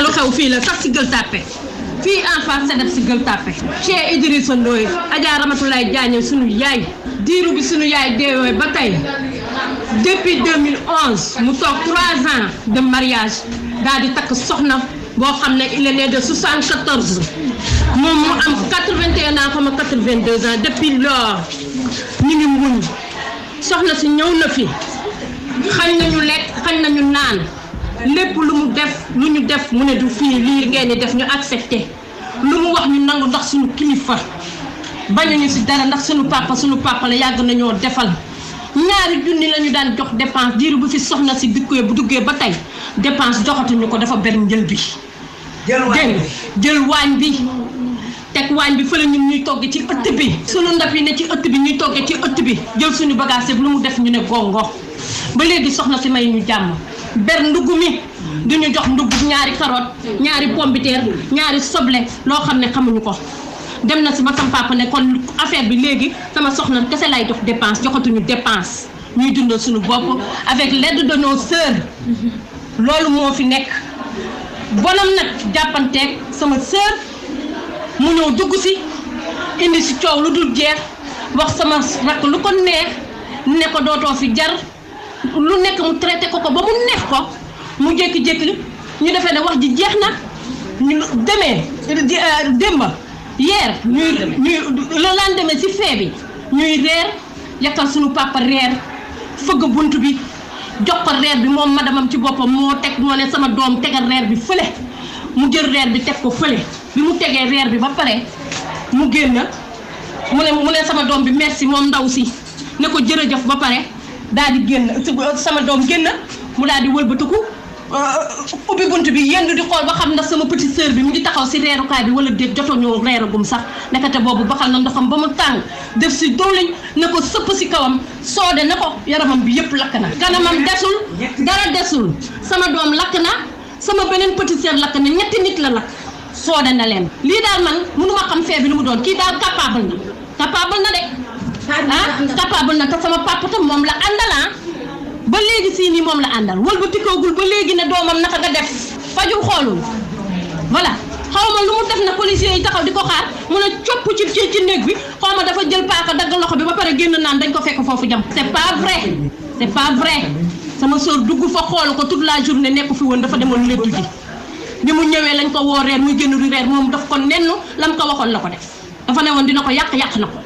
xamoo lu xew fii la sax si gël fii en face sa def si gël tàppe chez Idrissa Ndoye Adja Ramatulaay Diagne sunu yaay diiru bi sunu yaay deewee ba tey depuis 2011 mu toog 3 ans de mariage daal di takk soxna boo xam ne il est né de 74 moom mu am 81 ans comme 82 ans depuis lors ñu ngi muñ soxna si ñëw na fi xañ nañu lekk xañ nañu naan. lépp lu mu def lu ñu def mu ne du fii lii ngeen di def ñu accepté lu mu wax ñu nangu ndax suñu kilifa bañuñu si dara ndax suñu papa suñu papa yàgg nañoo defal ñaari junni la ñu daan jox dépense diiru bu fi soxna si dikkee bu duggee ba tey dépense joxatuñu ko dafa benn njël bi. jël waañ bi jël waañ bi. teg waañ bi fële ñun ñuy togg ci ëtt bi suñu ndab yi ne ci ëtt bi ñuy toggee ci ëtt bi jël suñu bagage lu mu def ñu ne gongo ba léegi soxna si may ñu jàmm ber ndugg mi du ñu jox ndugg ñaari carotte ñaari pombiteer ñaari soble loo xam ne xamuñu ko dem na si ba sama papa ne kon affaire bi léegi sama soxna kese lay jox dépense joxatuñu dépense ñuy dundal suñu bopp avec l'aide de nos loolu moo fi nekk bonam nag jàppanteeg sama sœur mu ñëw dugg si indi si coow lu dul jeex wax sama rakk lu ko neex ne ko dootoo fi jar lu nekk mu traité ko ko ba mu neex ko mu jékki-jékki ñu defee ne wax ji jeex na ñu demee euh, démba yeer ñuy ñuy le lendemain si fee bi ñuy reer yakkal suñu papa reer fëgg bunt bi jox ko reer bi moom madamam ci boppam moo teg moo ne sama doom tegal reer bi fële mu jël reer bi teg ko fële bi mu tegee reer bi ba pare mu génn mu ne mu ne sama doom bi merci moom ndaw si ne ko jërëjëf ba pare daal di génn sama doom génn mu daal di wëlbatiku uh, ubbi bunt bi yendu di xool ba xam ndax sama petite sœur bi mu di taxaw si reerukaay bi wala déet joto ñoo reeragum sax nekkate boobu baxal na ndoxam ba mu tàng def si dowliñ na ko sëpp si kawam soode na ko yaramam bi yëpp lakk na kanamam desul dara desul sama doom lakk na sama beneen petite sœur lakk na ñetti nit la lakk soode na leen lii daal man mënuma xam fee bi lu mu doon kii daal capable na capable na ah capable na te sama papa tam moom la àndal ah ba léegi sii moom la àndal wal ba tikkoogul ba léegi ne doomam naka nga def fajul xoolul voilà xaw ma lu mu def na policiers yi taxaw di ko xaar mun a copp ci ci néeg bi xaw ma dafa jël paaka dagg loxo bi ba pare génn naan dañ ko fekk foofu jam c'est pas vrai c'est pas vrai sama soor dugg fa xoolu ko toute la ne nekku fi woon dafa demoon léttu ji ni mu ñëwee lañ ko woo reer muy génn du reer moom daf ko nenn lam ko waxoon la ko def dafa ne woon